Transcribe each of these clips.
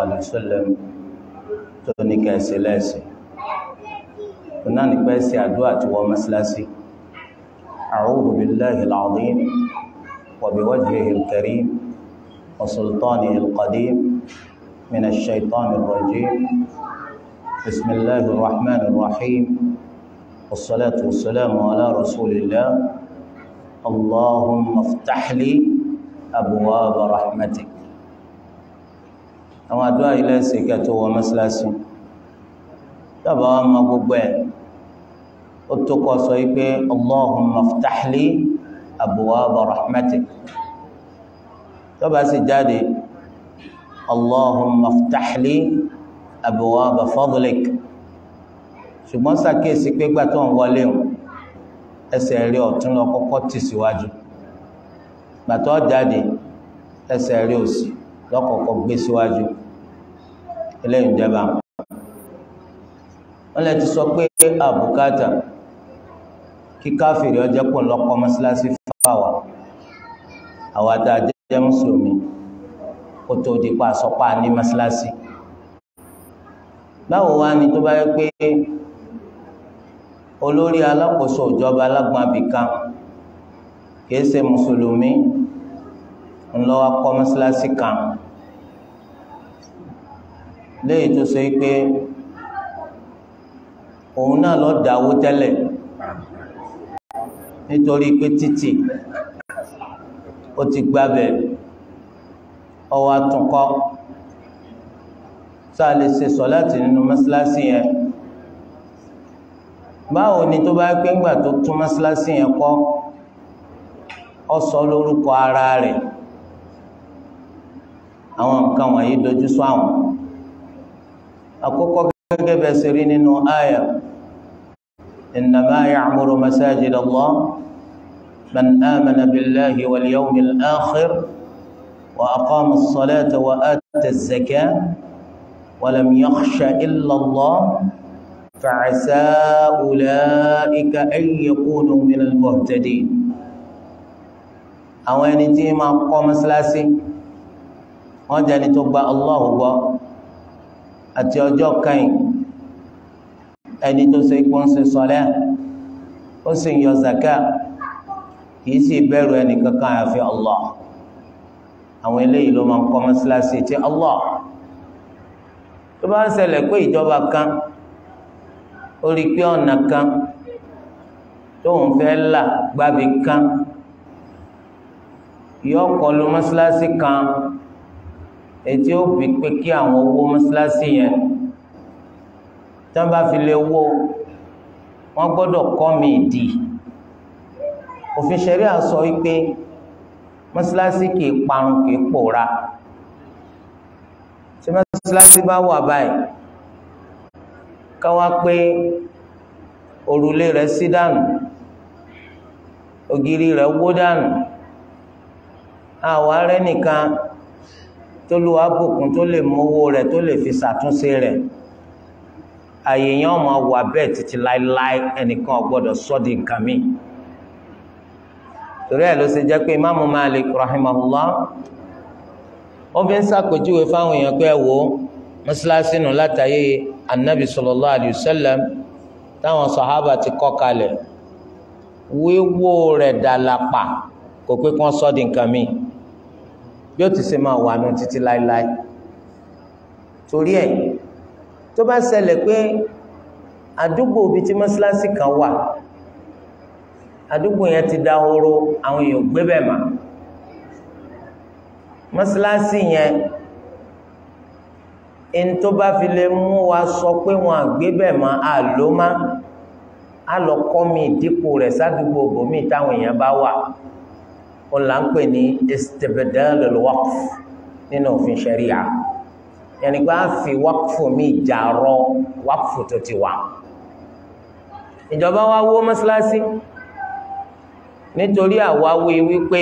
alaihi wasallam tó ní kẹsì lẹ́sì tó náà ní pẹ́sì àdúrà tí wọ́n mọ́sílásí a'udhu billahi al بسم الله الرحمن الرحيم والصلاة والسلام على رسول الله اللهم افتح لي أبواب رحمتك àwọn àdúrà yìí lẹ́sẹ̀ kí a tó wọ mọ́ṣáláṣí dábàá wa máa gbogbo ẹ̀ ó tó kọ́ sọ yìí pé allahumma iftah li abwaaba rahmatik tọ́ba sì jáde allahumma iftah li abwaaba fadlik ṣùgbọ́n ṣàkíyèsí pé gbà ń wọlé o ẹsẹ̀ rí ọ̀tún lọ kọ́kọ́ tì síwájú gbà jáde ẹsẹ̀ rí òsì lọ́kọ̀ọ́kọ́ gbé síwájú. Si eléyìí ń jẹba wọn lè ti sọ pé àbùkátà kí káfíìrì ọjọ pọ lọkọ mọ́sálásí fáwà àwọn àtàjẹ mùsùlùmí kó tó di pa àsọpá ní mọ́sálásí báwo wá ni tó bá yẹ pé olórí alákòóso ìjọba alágbọn abìkan kìí ṣe mùsùlùmí ńlọ akọ mọ́sálásí kan léyìí tó ṣe pé òun náà lọ dáwó tẹ́lẹ̀ nítorí pé títì ó ti gbábẹ̀ ọwọ́ àtúnkọ́ sáà lè ṣe sọ̀láàtì nínú mọ́sálásí yẹn báwo ni tó bá pé ńgbà tó tún mọ́sálásí yẹn kọ́ ọ sọ lórúkọ ara rẹ̀ àwọn nǹkan wọ̀nyí dojú sọ àwọn. àkọ́kọ́ gẹ́gẹ́ bẹ́ẹ̀ sì rí nínú àyà innama ya'muru masajid Allah man amana billahi wal yawmil akhir wa aqama as-salata wa ata az-zakata wa lam yakhsha illa Allah فعسى أولئك أن يكونوا من المهتدين àwọn ẹni tí ma kọ́ mọ́sálásí wọ́n jẹ́ ni tó gba Allahu gbọ́ àti ọjọ́ kẹyìn ẹni tó ṣe pé ń ṣe sọlẹ ó sì ń yọ zaka kìí sì bẹ̀rù ẹnì kankan àfi Allah àwọn eléyìí ló máa ń kọ́ mọ́síláṣí ti Allah tó bá ń ṣẹlẹ̀ pé ìjọba kan ó pé ọ̀nà kan tóun fẹ́ là gbábi kan yọ ọkọ̀ lu mọ́síláṣí kan ètí ó fi pé kí àwọn owó mọ́sálásí yẹn tí wọ́n bá fi lè wó wọ́n gbọ́dọ̀ kọ́ mi ìdì òfin ṣẹ̀rí àsọ wípé mọ́sálásí kì í parun kì í pòórá tí mọ́sálásí bá wà báyìí káwá pé òrùlé rẹ̀ sí dànù ògiri rẹ̀ wó dànù àwa rẹ̀ nìkan tó lu abùkún tó lè mówó rẹ̀ tó lè fi ṣàtúnṣe rẹ̀ àyè yẹn ọmọ wà bẹ́ẹ̀ títí láéláé ẹnìkan ò gbọ́dọ̀ sọ di nǹkan mi torí ẹ̀ ló ṣe jẹ́ pé imáàmù Malik rahimahullah ó fi ń ṣàpèjúwe fáwọn èèyàn pé ẹ wò ó mọ́ṣáláṣí nù látàyè anabi sallallahu alayhi wa sallam táwọn sàhábà ti kọ́ kalẹ̀ wíwó rẹ̀ dàlápà kò pé kí wọ́n sọ di nǹkan mi. So bí ó ti ṣe máa wà nù títí láéláé torí ẹ̀ tó bá ṣẹlẹ̀ pé àdúgbò ibi tí mọ́ṣáláṣí kan wà àdúgbò yẹn ti dahoro àwọn èèyàn gbé mà mọ́ṣáláṣí yẹn ẹni tó bá fi lè mú wa sọ pé wọn àgbé bẹ̀ mà á ló má á lọ kọ́ mi dípò rẹ̀ sádùúgbò bòmíì táwọn èèyàn bá wà ó là ń pè ní istibdal al-waqf nínú òfin ṣẹ̀ríà yẹnni pé a fi waqfu mi jàrọ waqfu tó ti wà ìjọba wa wó mọ́sálásí nítorí àwáwí wípé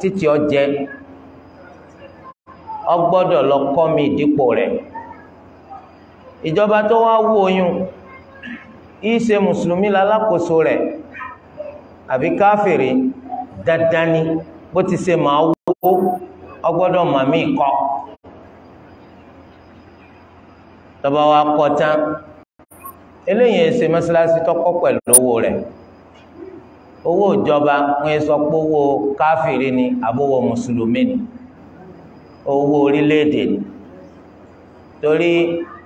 títí ọjẹ ọ gbọ́dọ̀ lọ kọ́ mi dípò rẹ̀ ìjọba tó wá wó oyún ìṣe mùsùlùmí lalákòóso rẹ̀ àbí káfìrí dandan ni bó ti ṣe máa wó ọgbọ́dọ̀ màmí kọ́ tọba wa kọ́ tán eléyìí ẹ mọ́ṣáláṣí tọ́kọ́ pẹ̀lú owó rẹ̀ owó ìjọba wọn owó káfíìrì ni àbówó mùsùlùmí ni owó orílẹ̀ torí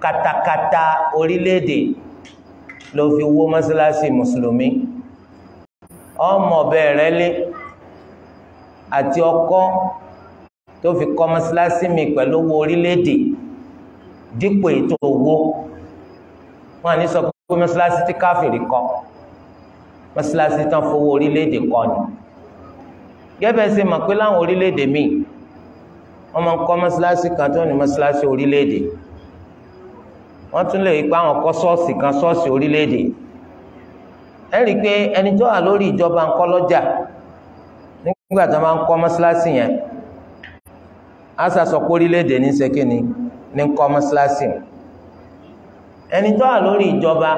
katakata orílẹ̀-èdè ló fi wó mọ́ṣáláṣí mùsùlùmí ọmọ ọbẹ̀ àti ọkọ́ tó fi kọ́ mọ́sálásí mi pẹ̀lú owó orílẹ̀-èdè dípò ètò owó wọn ní sọ pé mọ́sálásí tí káfìrí kọ́ mọ́sálásí tán fowó orílẹ̀-èdè kọ́ ni gẹ́gẹ́ ṣe mọ̀ pé láwọn orílẹ̀-èdè míì wọ́n máa ń kọ́ mọ́sálásí kan tó ní mọ́sálásí orílẹ̀-èdè wọ́n tún lè pa àwọn kọ́ ṣọ́ọ̀ṣì kan ṣọ́ọ̀ṣì orílẹ̀-èdè ẹ rí i pé ẹni tó wà lórí ìjọba ńkọ́ lọ́jà. Ja nígbà tí wọ́n bá ń kọ́ mọ́ṣáláṣí yẹn orílẹ̀-èdè ní sẹ́kìnì ní kọ́ mọ́ṣáláṣí ẹni tó wà ìjọba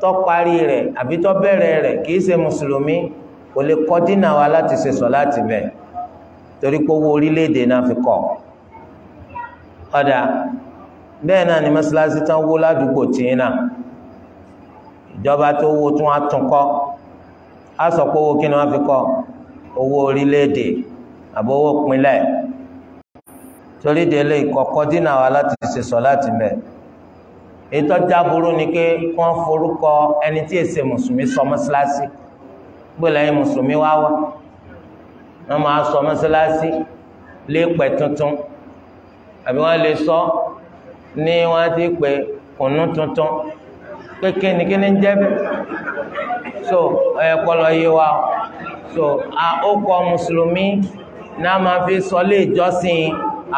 tó parí rẹ̀ àbí tó bẹ̀rẹ̀ rẹ̀ ṣe láti ṣe láti bẹ̀ torí pé owó orílẹ̀-èdè náà ọ̀dà bẹ́ẹ̀ náà ni tán wó ládùúgbò tìyín náà ìjọba tó wó tún á owó orílẹ̀-èdè àbówó pinlẹ̀ torí délé ìkọ̀kọ́ dínà wa láti ṣe sọ láti mẹ́ ètò jáburú ni pé wọ́n forúkọ ẹni tí èsè mùsùlùmí sọ mọ́sálásí gbọ́dọ̀ ẹ̀yin mùsùlùmí wá wá wọ́n máa sọ mọ́sálásí lépẹ̀ tuntun àbí wọ́n lè sọ ní wọ́n ti pè kùnú tuntun pé kíni kíni ń jẹ́ bẹ́ẹ̀ so ẹ̀kọ́ lọ yé wa o so àókọ mùsùlùmí náà máa fi sọlé ìjọsìn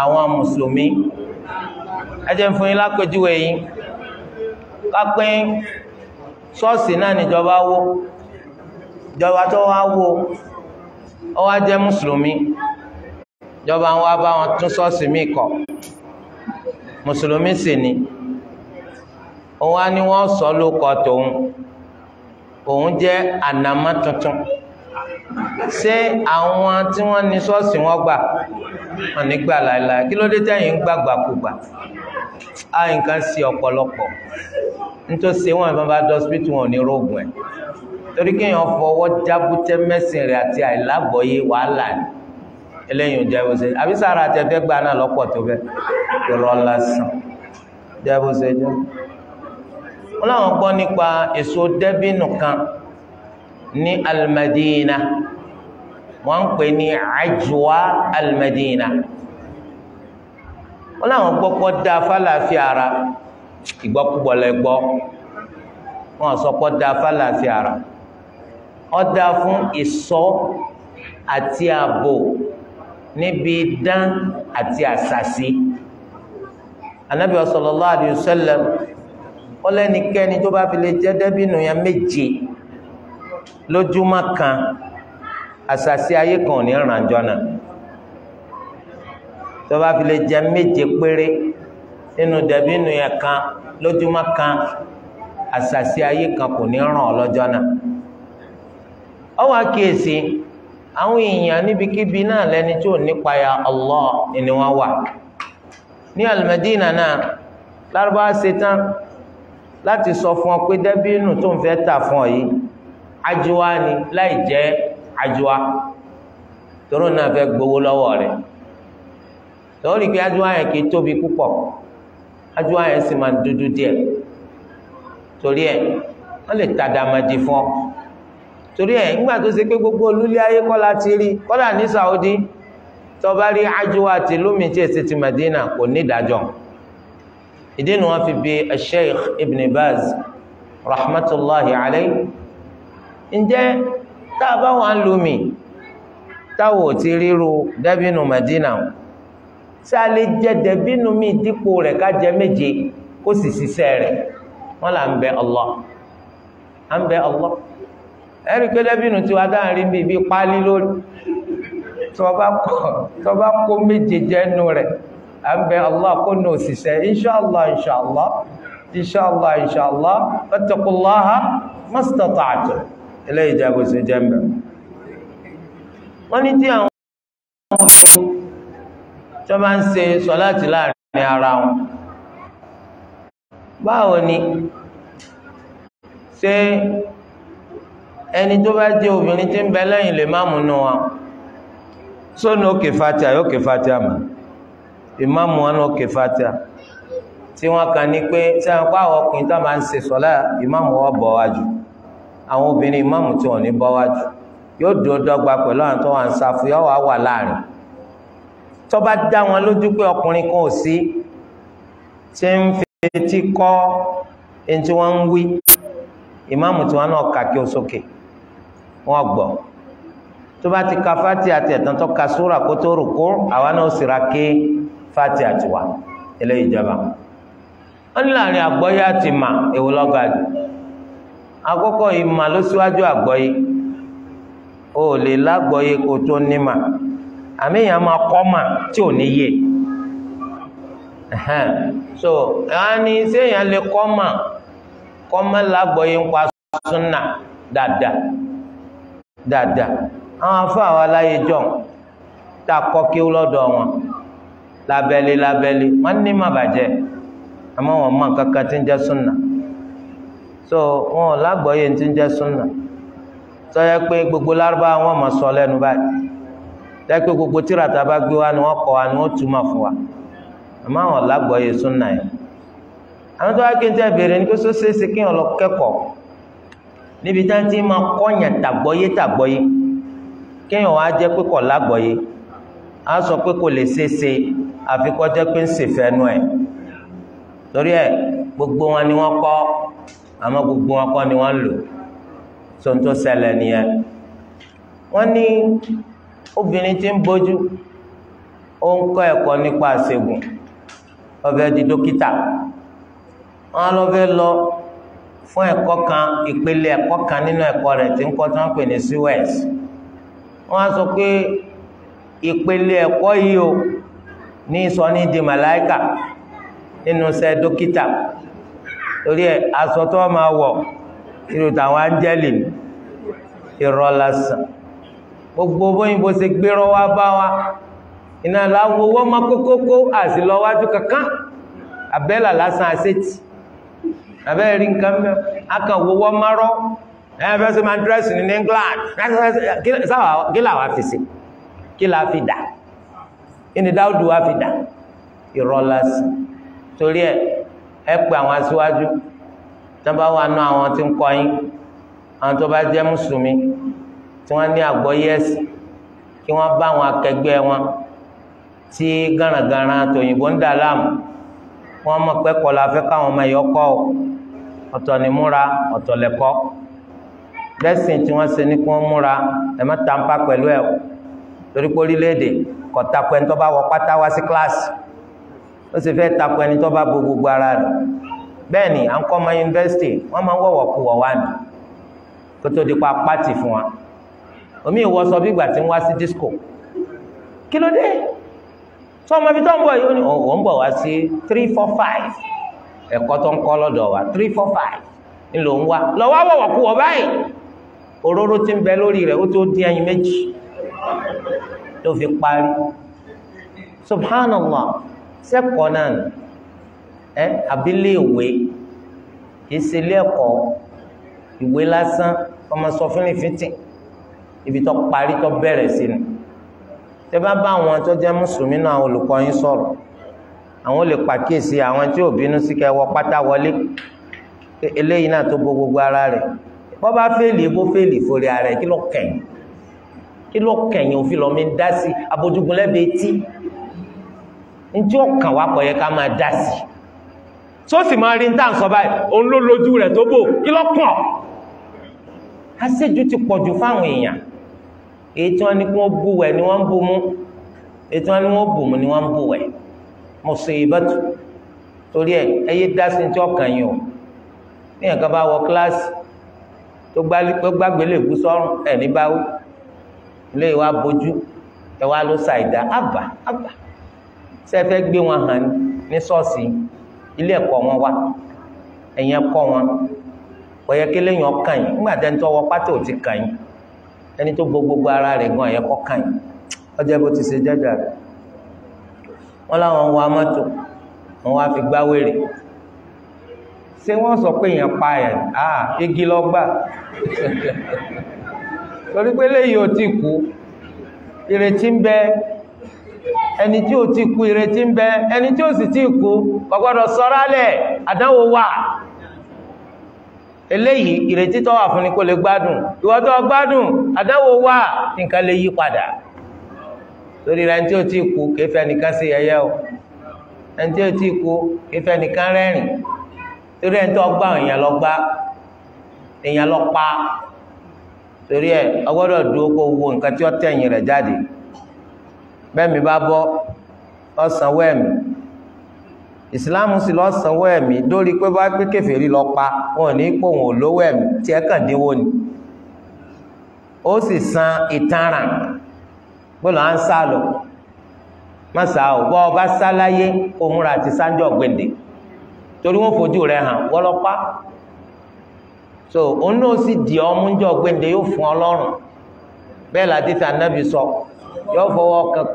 àwọn mùsùlùmí ẹ jẹ́ n fún yín lápèjúwe yìí kápín ṣọ́ọ̀ṣì náà níjọba wó ìjọba tó wá wó ó wá jẹ́ mùsùlùmí ìjọba wa bá wọn tún ṣọ́ọ̀ṣì míì kọ́ mùsùlùmí sì ni òun á ní wọ́n sọ ló tòun òun jẹ́ ànàmọ́ tuntun ṣé àwọn tí wọ́n ní ṣọ́ọ̀ṣì wọ́n gbà wọ́n ní gbà láìláì kí ló dé tẹ́yìn ń gbàgbà kúgbà á nǹkan sí ọ̀pọ̀lọpọ̀ nítòsí wọn ìbọn bá dọ́sípítì wọn ò ní rógùn ẹ̀ torí kéèyàn fọwọ́ jábútẹ́ mẹ́sìn rẹ̀ àti àìlágbọ̀ọ́yé wàhálà ni eléyìí ò jẹ́ bó ṣe àbí sára àtẹ̀fẹ́ gbà náà lọ́pọ̀ tó bẹ́ yọrọ lásán jẹ́ bó ṣe jẹ́ wọ́n láwọn gbọ́ nípa èso dẹ́bínù kan ní almadina wọ́n ń pè ní ajwa almadina wọ́n láwọn gbọ́kọ́ dá fálàáfíà ara ìgbọ́kúgbọ́ lẹ́gbọ́ wọ́n sọpọ́ dá fálàáfíà ara ó dá fún ìṣọ́ àti ààbò níbi dán àti àṣàṣì anabi sallallahu alayhi wa sallam tó bá fi lè jẹ dàbínù yẹn méje. lójúmọ́ kan àṣàṣì ayé kan ní jọ náà tó bá fi lè jẹ méje péré nínú nù yẹn kan lójúmọ́ kan àṣàṣì ayé kan kò ní ràn ọ́ lọ́jọ́ náà ọ wá kíyèsí àwọn èèyàn níbikíbi náà lẹni tí ò nípa ya Allah ni wọ́n wà ní Al-Madina náà lárúbáwá ṣetán láti sọ fún ọ pé dẹbí nù tó ń fẹ́ tà fún ọ yìí ajwa ni láì jẹ́ ajwa tóró náà fẹ́ gbowó lọ́wọ́ rẹ̀ lórí pé ajwa yẹn kì í tóbi púpọ̀ ajwa yẹn sì máa ń dúdú díẹ̀ torí ẹ̀ wọ́n lè tàdàmàdì fún ọ torí ẹ̀ nígbà tó ṣe pé gbogbo olúlé ayé kọ́lá ti rí kọ́lá ní Saudi tọba rí ajwa ti lómi tí èsì ti Madina kò ní ìdájọ́ ìdí ni wọ́n fi bi Sheikh Ibn Baz rahmatulahi alayhi ǹjẹ́ tá a bá wà ń lumi táwọn ò ti ríru dẹ́bínú Madina ṣé a lè jẹ dẹ́bínú mi dípò rẹ̀ ká jẹ méje kó sì ṣiṣẹ́ rẹ̀ wọ́n là ń bẹ Allah à ń bẹ Allah ẹ̀rí pé dẹ́bínú tí wàá dáhùn rí bí ibi páálí lórí tí wọ́n bá kó méje jẹ́nu rẹ̀ à ń bẹ Allah kó nà òṣìṣẹ́ inṣàlá inṣàlá inṣàlá inṣàlá wattaqullaha mastata'tum eléyìí jago sí jẹ́mbẹ̀ wọ́n ní tí àwọn obìnrin tó bá ń ṣe sọ́láàtì láàrin ara wọn báwo ni ṣé ẹni tó bá jẹ́ obìnrin tí ń bẹ lẹ́yìn lè má mú nù wọn òkè fatia yóò fatia mọ́ ìmáàmù wọn náà kè fatia tí wọ́n kàn ní pé tí wọ́n pa àwọn ọkùnrin tó máa ń ṣe sọ́lá ìmáàmù wọn bọ̀ wájú àwọn obìnrin ìmáàmù tí wọ́n ní bọ́wájú yóò dúró dọ́gba pẹ̀lú àwọn tó wà ń sáfù yóò wá wà láàrin tó bá dá wọn lójú pé ọkùnrin kan ò sí tí ń fetí kọ́ ẹni tí wọ́n ń wí ìmáàmù tí wọ́n náà kà kí ó sókè wọ́n gbọ́ tó bá ti ka fati àti ẹ̀tàn tó ka súra kó tó rùkú àwa náà sira ké fati àti wa eléyìí jọba wọn ní láàrin àgbọ́yé àti mà èwo lọ́gàdì àkọ́kọ́ ìmọ̀ ló síwájú àgbọ́yé o lè lágbọ́yé kó tó nímà àmì èèyàn máa kọ́ mà tí ò ní yé so ẹni ṣé èèyàn lè kọ́ mà kọ́ mà lágbọ́yé ń pa súnà dáadáa dáadáa àwọn afáwọn aláyé jọ tá a kọ́ kí ó lọ́dọ̀ wọn lábẹ́lé lábẹ́lé wọ́n ní mà bàjẹ́ àmọ́ wọn mọ̀ kankan tí ń jẹ́ so wọn ò lágbọ́yé ní ti ń jẹ́ súnà tó yẹ pé gbogbo lárúbá wọn máa sọ lẹ́nu báyìí tó yẹ pé gbogbo tírata bá gbé wa ni wọ́n kọ́ wa ni wọ́n túmọ̀ fún wa àmọ́ àwọn ò lágbọ́yé súnà yẹn àwọn tó wá kí n tẹ́ bèrè ní kó sọ ṣeéṣe kí n lọ kẹ́kọ̀ọ́ níbi tí wọ́n ti máa kọ́yàn tàgbọ́yé tàgbọ́yé kéèyàn wá jẹ́ pé kò lágbọ́yé á sọ pé kò lè ṣeéṣe àfikọ́ jẹ́ pé ń ṣèfẹ́ nu ẹ̀ torí ẹ̀ gbogbo wọn ni wọ́n kọ́ àmọ́ gbogbo ni wọ́n lò tó ń tó ṣẹlẹ̀ nìyẹn wọ́n ní obìnrin tí ń bójú ó ń kọ́ ẹ̀kọ́ di dókítà wọ́n lọ fẹ́ lọ fún ẹ̀kọ́ kan ìpele ẹ̀kọ́ kan nínú ẹ̀kọ́ rẹ̀ tí ń kọ́ tí pè ní suez wọ́n á sọ o ní sọ ní di màláìkà nínú sẹ́ dókítà. torí ẹ aṣọ tó máa wọ̀ irú tàwọn áńjẹ́lì irọ́ lásán gbogbo bóyìnbó ṣe gbérọ́ wá bá wa iná láwọ owó ọmọ kókókó àti lọ́wájú kankan abẹ́là lásán àṣetì abẹ́ rí nǹkan mẹ́ akànwò wọ́n márọ́ ẹ̀yàn fẹ́ sí máa dírẹ́sì ní England kí làwà fi sí kí làá fi dà kí ni dáúdù wá fi dà irọ́ lásán torí ẹ̀ ẹ pè àwọn aṣíwájú tí wọ́n bá wà nù àwọn tí ń kọ́ yín àwọn tó bá jẹ́ mùsùlùmí tí wọ́n ní àgbọ́yé ẹ̀sìn kí wọ́n bá àwọn akẹgbẹ́ wọn tí gánragánra tòyìnbó ń dà láàmú wọ́n mọ̀ pé kọ́ la fẹ́ káwọn ọmọ ẹ̀yọ́ kọ́ ọ ọ̀tọ̀ ni múra ọ̀tọ̀ lẹ́kọ́ lẹ́sìn tí wọ́n ṣe ní kí wọ́n múra ẹ má tàǹpà pẹ̀lú ẹ̀ torí pé orílẹ̀-èdè kọ̀tà pẹ̀ntọ́ bá wọ pátá wá sí kíláàsì ó sì fẹ́ takò ẹni tó bá bo gbogbo ara rẹ̀ bẹ́ẹ̀ ni à ń kọ́ ọmọ yunifásitì wọ́n máa ń wọ̀wọ̀ kú wọ̀ wá ni kó tó di pa pátì fún wa omi ìwọ sọ bí ìgbà tí ń wá sí disco kí ló dé tó ọmọ ibi tó ń bọ̀ yìí ó ní òun bọ̀ wá sí three four five ẹ̀kọ́ tó ń kọ́ lọ́dọ̀ wa three four five ń lò ń wá lọ́wọ́ wọ̀wọ̀ kú wọ̀ báyìí òróró tí ń bẹ lórí rẹ̀ ó tó dín ẹyin méjì tó fi parí subhanallah sẹ́kọ̀ọ́ náà ẹ abílẹ̀ ìwé kìí ṣe ilé ẹ̀kọ́ ìwé lásán ọmọ sọ fínnífínntì ibi tó parí tó bẹ̀rẹ̀ sí ni tẹ bá bá àwọn tó jẹ́ mùsùlùmí náà àwọn olùkọ́ yín sọ̀rọ̀ àwọn olè pàkíyèsí àwọn tí ò bínú sí kẹwọ pátá wọlé eléyìí náà tó bo gbogbo ara rẹ̀ bọ́ bá fèlì ebó fèlì forí ara rẹ̀ kí ló kẹ̀yìn kí ló kẹ̀yìn òfin lọ́mí dá sí abojúgunlẹ́bẹ̀ẹ́ tí njẹ́ ọ̀kàn wá pọ̀ yẹ ká máa dá sí tó sì máa rí ní tàǹsọ̀ báyìí òun ló lójú rẹ̀ tó bò kí lọ́kàn aṣẹ́jú ti pọ̀jù fáwọn èèyàn èyí tí wọ́n ní kí wọ́n bú wẹ̀ ni wọ́n ń bú mú èyí tí wọ́n wọ́n bù mú ni wọ́n bú wẹ̀ mo ṣe ìbátú torí ẹ ẹyẹ dá sí tí ọkàn yìí o ní ẹ̀ka bá wọ kíláàsì tó gbàgbé lè kú sọ́run ẹ̀ ní báwí ilé ìwà bójú ẹ̀ wá ló ṣàìdá àbà àbà sẹ́fẹ́ gbé wọn hàn ní ṣọ́ọ̀ṣì ilé ẹ̀kọ́ wọn wà ẹ̀yìn ẹ̀kọ́ wọn ọ̀yẹ kele yàn kàn yín nígbà tẹ́ ń tọwọ́ pátá ò ti kàn yín ẹni tó bo gbogbo ara rẹ̀ gan ẹ̀yẹ kọ́ kàn yín ọjọ́ bó ti ṣe jẹ́jà rẹ̀ wọ́n láwọn wa mọ́tò wọ́n wá fi gbá wèrè ṣé wọ́n sọ pé èèyàn pa ẹ̀ à ah, igi lọ́gbà torí pé léyìí ò tí kú ìrètí ń bẹ ẹni tí ò ti kú ìrètí ń bẹ ẹni tí si sì ti kú kò gbọ́dọ̀ àdánwò wà eléyìí ìrètí tó fún ni kó lè gbádùn wa gbádùn àdánwò wà nǹkan lè yí padà torí ra ẹni tí ti kú kéfẹ́ nìkan sí o ẹni tí ti kú kéfẹ́ nìkan rẹ́rìn torí ẹni tó gbá èèyàn lọ gbá èèyàn lọ pa torí ẹ ọgbọ́dọ̀ kó wo nǹkan tí ó tẹ̀yìn rẹ̀ jáde bẹ́ẹ̀mí bá bọ́ ọ̀sánwó ẹ̀mí ìsìláàmù sì lọ́sánwó ẹ̀mí dórí pé bá pé kèfèrí lọ pa wọn ní pò wọn olówó ẹ̀mí tí ẹ kàn dínwó ni ó sì san ìtanràn gbọ́dọ̀ à ń sá lọ má sá bọ́ ọ sá láyé kó múra àti sáńjọ́ gbèdè torí wọn fojú rẹ hàn wọ́lọ́pàá so òun náà sì di ọmú jọ gbèdè yóò fún Ọlọ́run bẹ́ẹ̀ làdí tí anábì sọ. So. yóò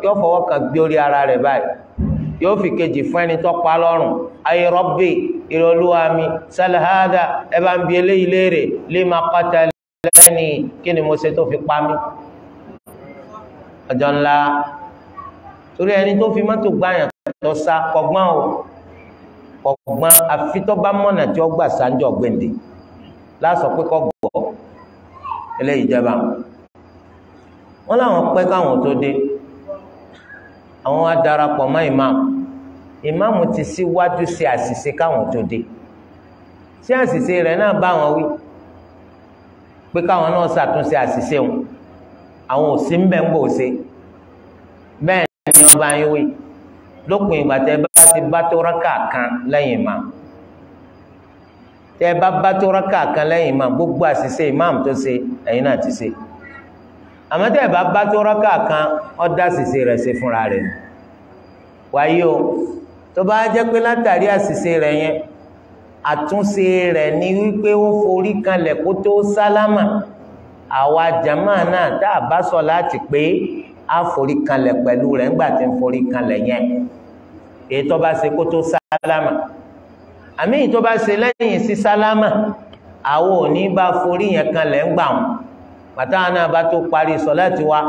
fọwọ́ kan gbé orí ara rẹ̀ báyìí yóò fi kejì fún ẹni tó pa lọ́rùn ayé rọ́bì ìrọ̀lúwa mi sálàhádà ẹ bá lè máa pàtà lẹ́ni kí ni mo tó fi pa mí. ọjọ́ ńlá torí ẹni tó fi mọ́tò tó sá wọ́n láwọn pẹ́ káwọn tó dé àwọn wá darapọ̀ mọ́ ìmáàmù ìmáàmù ti síwájú ṣe àṣìṣe káwọn tó dé ṣé àṣìṣe rẹ̀ náà bá wọn wí pé káwọn náà ṣàtúnṣe àṣìṣe wọn àwọn ò sí ń bẹ̀ ń bò ṣe bẹ́ẹ̀ ni wọ́n bá yín wí lópin ìgbà tẹ́ bá ti bá tó rákà kan lẹ́yìn ìmáàmù tẹ́ bá bá tó rákà kan lẹ́yìn ìmáàmù gbogbo àṣìṣe ìmáàmù tó ṣe ẹ̀yin náà ti ṣe àmọ́ tẹ́ ẹ̀ bá bá tó rákà kan ó dá àṣìṣe rẹ̀ ṣe fúnra rẹ̀ ni wáyé o tó bá jẹ́ pé látàrí àṣìṣe rẹ̀ yẹn àtúnṣe rẹ̀ ni wípé ó forí kanlẹ̀ kó tó sálámà àwa jàmá náà tá a bá sọ láti pé a forí kanlẹ̀ pẹ̀lú rẹ̀ ńgbà tí ń forí kanlẹ̀ yẹn èyí tó bá ṣe kó tó sálámà àmì tó bá ṣe lẹ́yìn sí sálámà àwọn ò bá forí yẹn kanlẹ̀ ńgbà wọn pàtàkì náà bá tó parí sọláàtì wa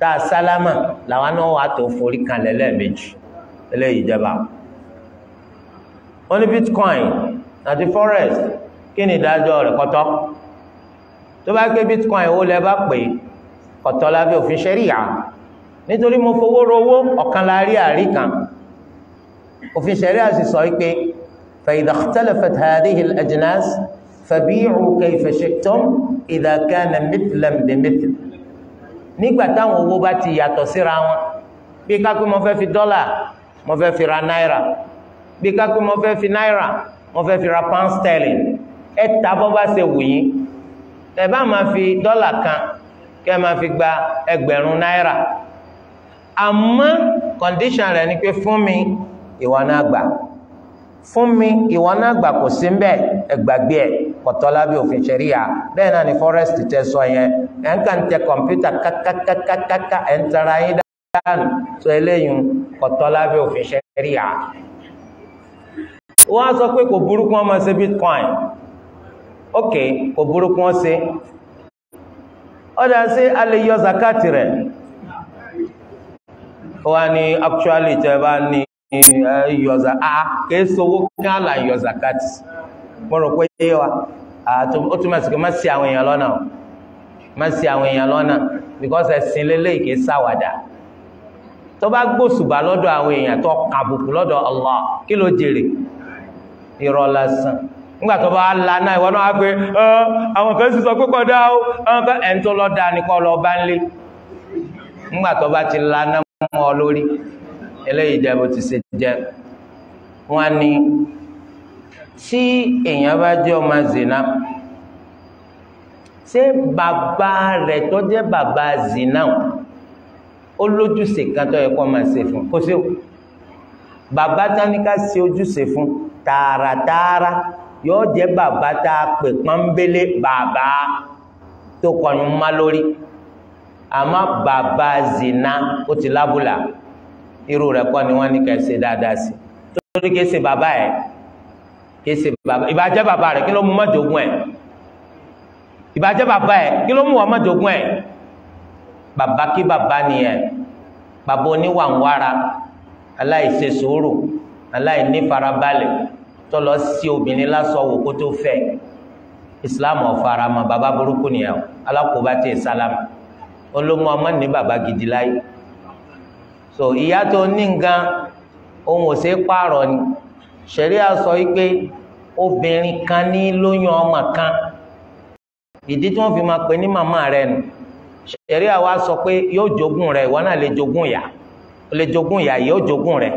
tá a sálámà làwọn náà wà tó forí kanlẹ̀ lẹ́ẹ̀mejì eléyìí jẹba wọ́n ní bitcoin àti forex kí ni ìdájọ́ rẹ̀ kọ́tọ́ tó bá gbé bitcoin owó lẹ bá pè kọ́tọ́ lábẹ́ òfin ṣẹ́ríyà nítorí mo fowó rówó ọ̀kan láàrí àrí kan òfin ṣẹ́ríyà sì sọ wípé fa idha ikhtalafat fabi'u kayfa shi'tum idha kana mithlan bi mithl nígbà táwọn owó bá ti yàtọ̀ síra wọn bí kákú mo fẹ́ fi dọ́là mo fẹ́ fi ra náírà bí kákú mo fẹ́ fi náírà mo fẹ́ fi ra pound sterling ẹ ta bọ́ bá ṣe wù yín ẹ bá máa fi dọ́là kan kẹ́ máa fi gba ẹgbẹ̀rún náírà àmọ́ condition rẹ̀ ni pé fún mi ìwọ náà gbà fún mi ìwọ náà gbà kò sí ń bẹ́ẹ̀ ẹ gbàgbé ẹ̀ kọ̀tọ́ lábẹ́ òfin ṣẹ̀ríà bẹ́ẹ̀ náà ni forest tẹ sọ yẹn ẹ̀ ń kàn tẹ kọ̀mpútà kákákákákáká ẹ̀ ń tara yín dáhùn sọ eléyìí kọ̀tọ́ lábẹ́ òfin ṣẹ̀ríà. wọ́n á sọ pé kò burúkú wọn máa ṣe bitcoin ok kò burúkú wọn ṣe ọ̀dà ṣe a lè yọ zakati rẹ̀ wọ́n á ní actually tẹ́ bá ní yọ̀zà a kìí sọ owó kí á là yọ̀zà kàtì mo rò pé yé wa ó túmọ̀ sí pé má sí àwọn èèyàn lọ́nà because ẹ̀sìn lélẹ́yìí kì í ṣàwàdà tó bá gbòṣùbà lọ́dọ̀ àwọn èèyàn tó kàbùkù lọ́dọ̀ Allah kí ló jèrè irọ́ lásán nígbà tó bá lana ìwọ náà pé àwọn kan sì sọ pé kọ́ dá o àwọn kan ni tí èèyàn bá jẹ́ ọmọ zina ṣé bàbá rẹ̀ tó jẹ́ bàbá zina ó lójúṣe kan tó yẹ kó máa ṣe fún kó sí o bàbá táníká ṣe ojúṣe fún tààràtààrà yóò jẹ́ bàbá tá a pè pọ́nbélé bàbá tó kọnu má lórí àmọ́ bàbá zina ó ti lábùlà irú rẹ̀ kọ́ ni wọ́n ní kẹ́ ṣe dáadáa sí torí kìí bàbá ẹ̀ kése bàbá ìbàjẹ́ bàbá rẹ̀ kí ló mú má jogún ẹ̀ ìbàjẹ́ bàbá ẹ̀ kí ló mú wà má jogún ẹ̀ bàbá kí bàbá nìyẹn bàbá oníwàǹwára aláìṣe sùúrù aláìnífarabalẹ̀ tọ́lọ sí obìnrin lásán wò kó tó fẹ́ islam ọ̀farama bàbá burúkú nìyẹn alákòóbá tẹ̀ sálámà olómọ ọmọ ní bàbá gidi láyé so ìyá tó ní nǹkan ohun ò ṣe é ni ṣẹ̀ríà sọ wípé obìnrin kan ní lóyún ọmọ kan ìdí tí wọ́n fi máa pè ní màmá rẹ̀ nù ṣẹ̀ríà wa sọ pé yóò jogún rẹ̀ ìwọ náà lè jogún ìyá lè jogún ìyá yóò jogún rẹ̀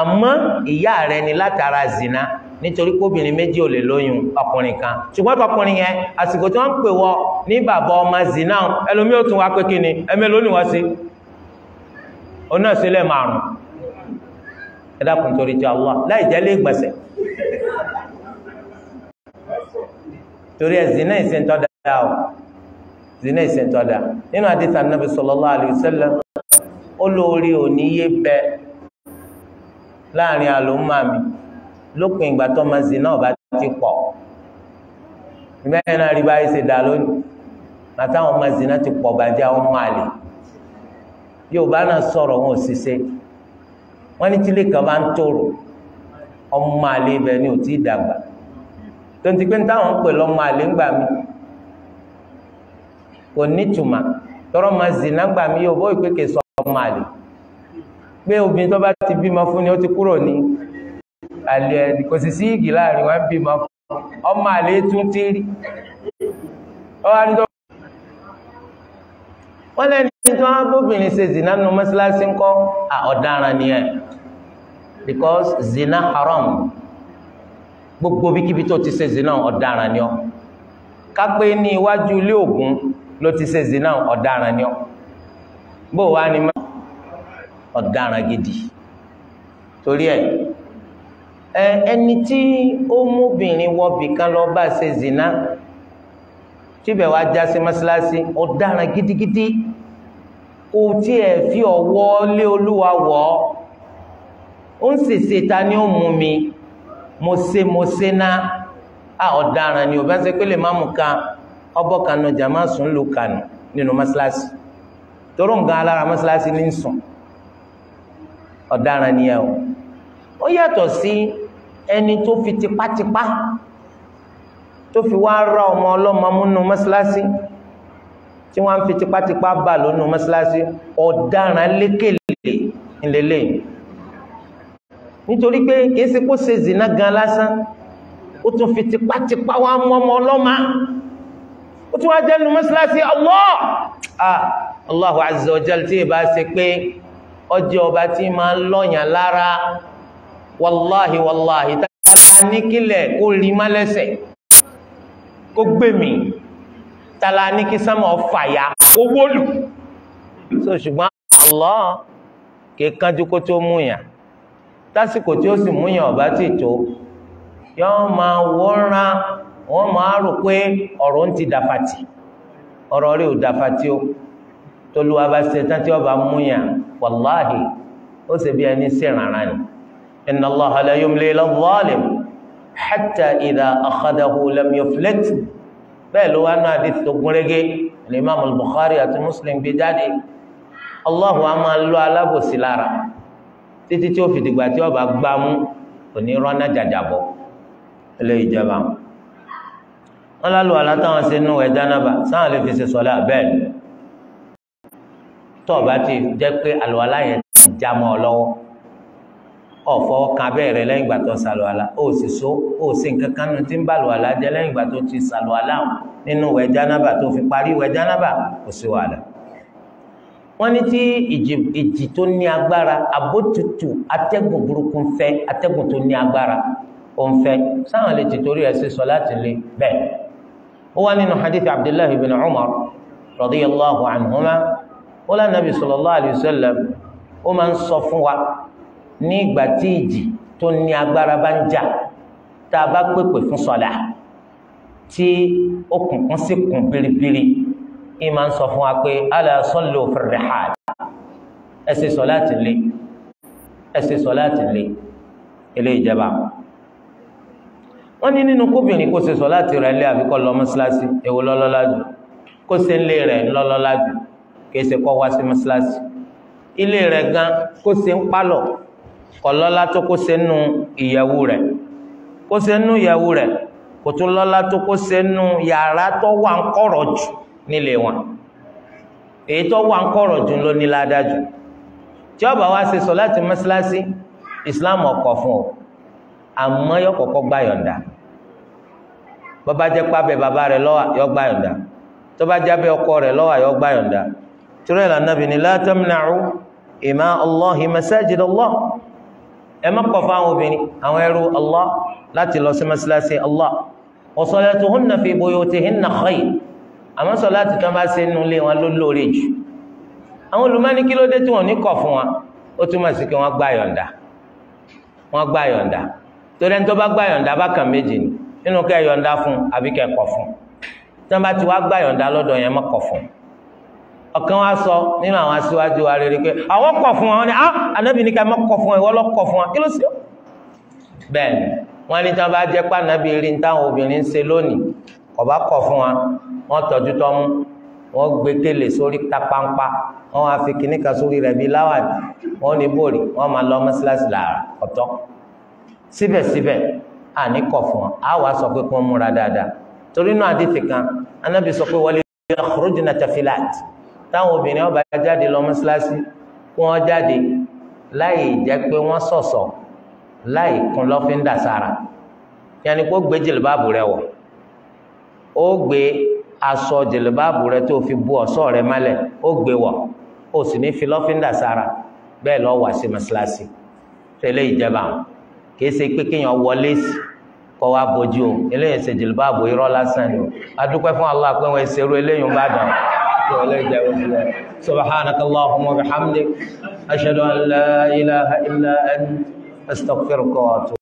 àmọ́ ìyá rẹ̀ ni látara zina nítorí kóbìnrin méjì ò lè lóyún ọkùnrin kan ṣùgbọ́n tọkùnrin yẹn àsìkò tí wọ́n ń pè wọ ní bàbá ọmọ zina ẹlòmíì tún wá pé kí ni ẹ̀mélòó ni wọ́n sí onáà sílẹ̀ márùn-ún ẹ dákun torí ti Allah láì jẹ́ lé gbẹ̀sẹ̀ torí ẹ zina da o zina ìsìntọ́ da nínú àdìsá nàbì sallallahu alayhi lori sallam olórí yé bẹ láàrin àlùmọ́ mi lópin ìgbà ma zina ọba ti pọ̀ mẹ́rin náà rí báyìí ṣe dà lónìí ma zina ti pọ̀ bàjẹ́ àwọn yóò bá náà sọ̀rọ̀ wọn ò wọ́n ní tílé kan bá ń tóòrò ọmọ àlè ibẹ̀ ni ò tí tó ń ti pé ń táwọn pè lọ́mọ àlè ń gbà mí kò gbà mí yóò bó sọ ọmọ àlè pé obìnrin tó bá ti bímọ fún ni ó ní àlè ẹni kò sì sí láàrin wọn bímọ wọ́n lẹ́ni tí wọ́n á bóbìnrin ṣe zina nu mọ́ṣáláṣí ń kọ́ ọ̀daràn nìyẹn because zina haram gbogbo bíkíbi tó ti ṣe zina ọ̀daràn ni ọ́ kápé ní iwájú ilé ògùn ló ti ṣe zina ọ̀daràn ni ọ́ bó wá ni má ọ̀daràn gidi torí ẹ̀ ẹni tí ó móbìnrin wọbì kan lọ bá ṣe zina. tíbẹ̀ wá já sí mọ́sálásí ọ̀daràn gidigidi kò tí ẹ̀ fi ọwọ́ lé olúwa wọ̀ ọ́ ń ta ni ó mú mi mo se mo a ọ̀daràn ni òbí ṣe pé lè má mú ka ọbọ̀ kanu jàmá sùn lù kànú nínú mọ́sálásí toró alára ní sùn o ó yàtọ̀ sí ẹni tó fi tipátipá. tó fi wá ra ọmọ ọlọ́mọ múnú mọ́sálásí tí wọ́n fi tipátipá bà lónú mọ́sálásí ọ̀daràn lékèlè ńlẹ́lẹ́ nítorí pé èsì kó ṣe zìnà gan lásán ó tún fi tipátipá wá mú ọmọ ọlọ́mọ ó tún wá jẹ́nu mọ́sálásí Allah ah Allahu azza wa jal tí ì bá ṣe pé ọjọ́ ọba tí máa lọ́yàn lára wàláhi tá a ní kílẹ̀ kó rí má lẹ́sẹ̀ kó gbé mi tala ní kí sánmọ̀ fàyà kó wólù so ṣùgbọ́n Allah kìí kó tó múyàn tásìkò tí ó sì múyàn ọ̀bá ti tó yọ́ máa wọ́nran wọ́n máa rò pé ọ̀rọ̀ ń ti dàfàtì ọ̀rọ̀ rí ò dàfàtì ó tolúwa bá ṣe tán tí ọba múyàn wàláhì ó sì bí ẹni sí ni hatta idha akhadahu lam yuflit bẹ́ẹ̀ ló wá náà di tó gúnrégé Imam al-Bukhari àti Muslim gbé jáde Allahu a máa lọ alábòsí lára títí tí ó fi dìgbà tí ọba gbámú kò ní rọ́nà jàjàbọ̀ ilé ìjọba wọn lálù aláǹtàwọn sí inú ẹja náà bá sáwọn lè fi ṣe sọlá bẹ́ẹ̀ tó ọba ti jẹ́ pé àlùwalá yẹn ti já mọ́ ọ lọ́wọ́ ọ̀fọ́ kabẹ́ rẹ lẹ́yìn ìgbà tó sàlùwàlà ó sì so ó sì nǹkan kan tí ń bàlùwàlà jẹ́ lẹ́yìn ìgbà tó ti sàlùwàlà nínú ìwẹ̀ jánábà tó fi parí ìwẹ̀ jánábà kò sí wàhálà. wọ́n ní tí ìjì tó ní agbára abótutù atẹ́gùn burúkú ń fẹ́ atẹ́gùn tó ní agbára ó ń fẹ́ sáwọn lè ti torí ẹ̀ sí sọ láti lè bẹ́ẹ̀. ó wá nínú hadith abdullahi bin umar radiyallahu anhuma ó lánàbì sallallahu alayhi ó máa ń sọ fún wa ní ìgbà tí ìjì tó ní agbára bá ń jà tá a bá pèpè fún sọlá tí okùnkùn sì kùn biribiri ìyẹn máa ń sọ fún wa pé ala sallu fi rihal ẹ ṣe sọlá ti lé ẹ ṣe sọlá ti lé ilé ìjẹba wọn ní nínú kóbìnrin kó ṣe sọlá ti rẹ lé àbíkọ lọ mọ́ṣáláṣí èwo lọlọlá jù kó ṣe ń lé rẹ lọlọlá jù kì í ṣe kó wá sí mọ́ṣáláṣí ilé rẹ gan kó ṣe ń pálọ̀ kò lọ́lá tó kó sẹ́nu ìyàwó rẹ̀ kó sẹ́nu ìyàwó rẹ̀ kò tún lọ́lá tó kó sẹ́nu yàrá tó wà ń kọ̀rọ̀ jù nílé wọn èyí tó wà ń kọ̀rọ̀ jù ló ní ládájú tí ó bá wá ṣe sọ láti mọ́sálásí islam ọkọ̀ fún ọ àmọ́ yọ kọ́kọ́ gbà yọ̀ǹda bọ́bá jẹ́ pábẹ́ bàbá rẹ̀ lọ́wọ́ yọ gbà yọ̀ǹda tó bá jẹ́ abẹ́ ọkọ rẹ̀ lọ́wọ́ yọ gbà yọ̀ǹda tí ó rẹ̀ lànà bìíní la tamna'u ima Allahi masajid Allah ẹ má kọ̀ fáwọn obìnrin àwọn ẹrú Allah láti lọ sí mọ́sálásí Allah wa salatuhunna fi buyutihinna khayr àmọ́ sọ láti tán bá ṣe nínú ilé wọn ló lóore jù àwọn olùmọ́ni kí ló dé tí wọ́n ní kọ̀ fún wa ó túmọ̀ sí pé wọ́n gbà yọ̀ǹda wọ́n gbà yọ̀ǹda torí ẹni tó bá gbà yọ̀ǹda bákan méjì ni nínú kẹ́ yọ̀ǹda fún àbí kẹ́ fún tí wọ́n bá ti wá gbà yọ̀ǹda lọ́dọ̀ yẹn má kọ̀ fún un ọ̀kan wá sọ nínú àwọn aṣíwájú wa rere pé àwọn kọ̀ fún wọn ni ah anábì ní ká má kọ̀ fún wọn ìwọ lọ kọ̀ fún wọn kí ló sí ọ. bẹ́ẹ̀ wọ́n ní tí wọ́n bá jẹ́ pé anábì rí táwọn obìnrin ń ṣe lónìí kò bá kọ̀ fún wọn wọ́n tọ́jú tọ́mú wọ́n gbé kélé sórí tapampa wọ́n wá fi kíní kan sórí rẹ̀ bíi láwàdì wọ́n ní bòrì wọ́n máa lọ mọ́síláṣí làárà ọ̀tọ̀ síbẹ̀síbẹ̀ àní kọ̀ fún wọn á wàá sọ pé kí wọ́n múra dáadáa torí náà àdìtì kan anábì sọ pé wọlé yọ̀ọ́ táwọn obìnrin ọba jáde lọ mọ́ṣáláṣí kí wọ́n jáde láì jẹ́ pé wọ́n sọ̀sọ̀ láì kún lọ́fíńdà sára yẹnni kó gbé jìlìbáàbù rẹ wọ̀ ó gbé aṣọ jìlìbáàbù rẹ tó fi bu ọ̀ṣọ́ rẹ mọ́lẹ̀ ó gbé wọ̀ ó sì ní fi lọ́fíńdà sára bẹ́ẹ̀ lọ́ wà sí mọ́ṣáláṣí tẹ́lẹ̀ ìjẹba kìí ṣe pé kéèyàn wọlé sí kọ́ wa bójú o eléyìí ṣe jìlìbáàbù irọ́ lásán ni o adúpẹ́ fún Allah pé wọ́n ṣerú eléyìí ń bá وسلم سبحانك اللهم وبحمدك أشهد أن لا إله إلا أنت أستغفرك وأتوب